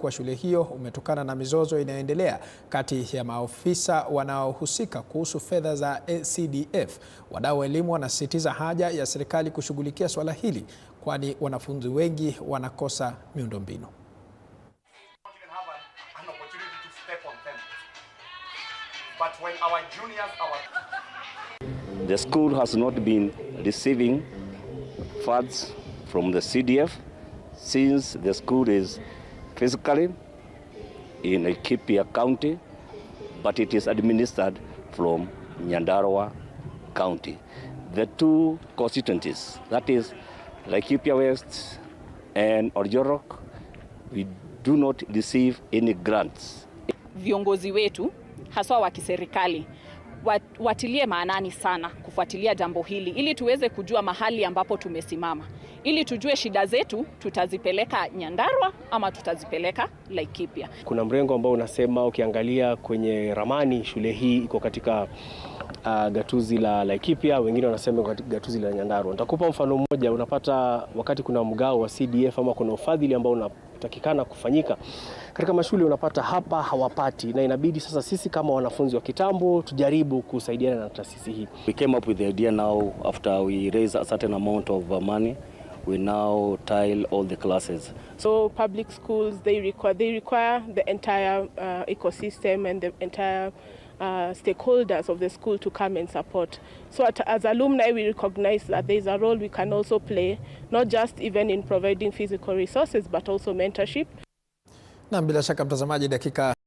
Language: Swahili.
Kwa shule hiyo umetokana na mizozo inayoendelea kati ya maofisa wanaohusika kuhusu fedha za acdf Wadau wa elimu wanasisitiza haja ya serikali kushughulikia swala hili kwani wanafunzi wengi wanakosa miundombinu. The school has not been receiving funds from the CDF since the school is physically in Kipia County, but it is administered from Nyandarua County. The two constituencies, that is Laikipia West and Orjorok, we do not receive any grants. Viongozi wetu haswa wa kiserikali watilie maanani sana kufuatilia jambo hili ili tuweze kujua mahali ambapo tumesimama, ili tujue shida zetu tutazipeleka Nyandarua ama tutazipeleka Laikipia. Kuna mrengo ambao unasema ukiangalia kwenye ramani shule hii iko katika uh, gatuzi la Laikipia, wengine wanasema gatuzi la Nyandarua. Nitakupa mfano mmoja. Unapata wakati kuna mgao wa CDF ama kuna ufadhili ambao kutakikana kufanyika katika mashule, unapata hapa hawapati, na inabidi sasa sisi kama wanafunzi wa kitambo tujaribu kusaidiana na taasisi hii. We came up with the idea now after we raise a certain amount of money we now tile all the classes. So public schools they require, they require the entire uh, ecosystem and the entire uh, stakeholders of the school to come and support. So at, as alumni, we recognize that there is a role we can also play, not just even in providing physical resources, but also mentorship. Na bila shaka mtazamaji, dakika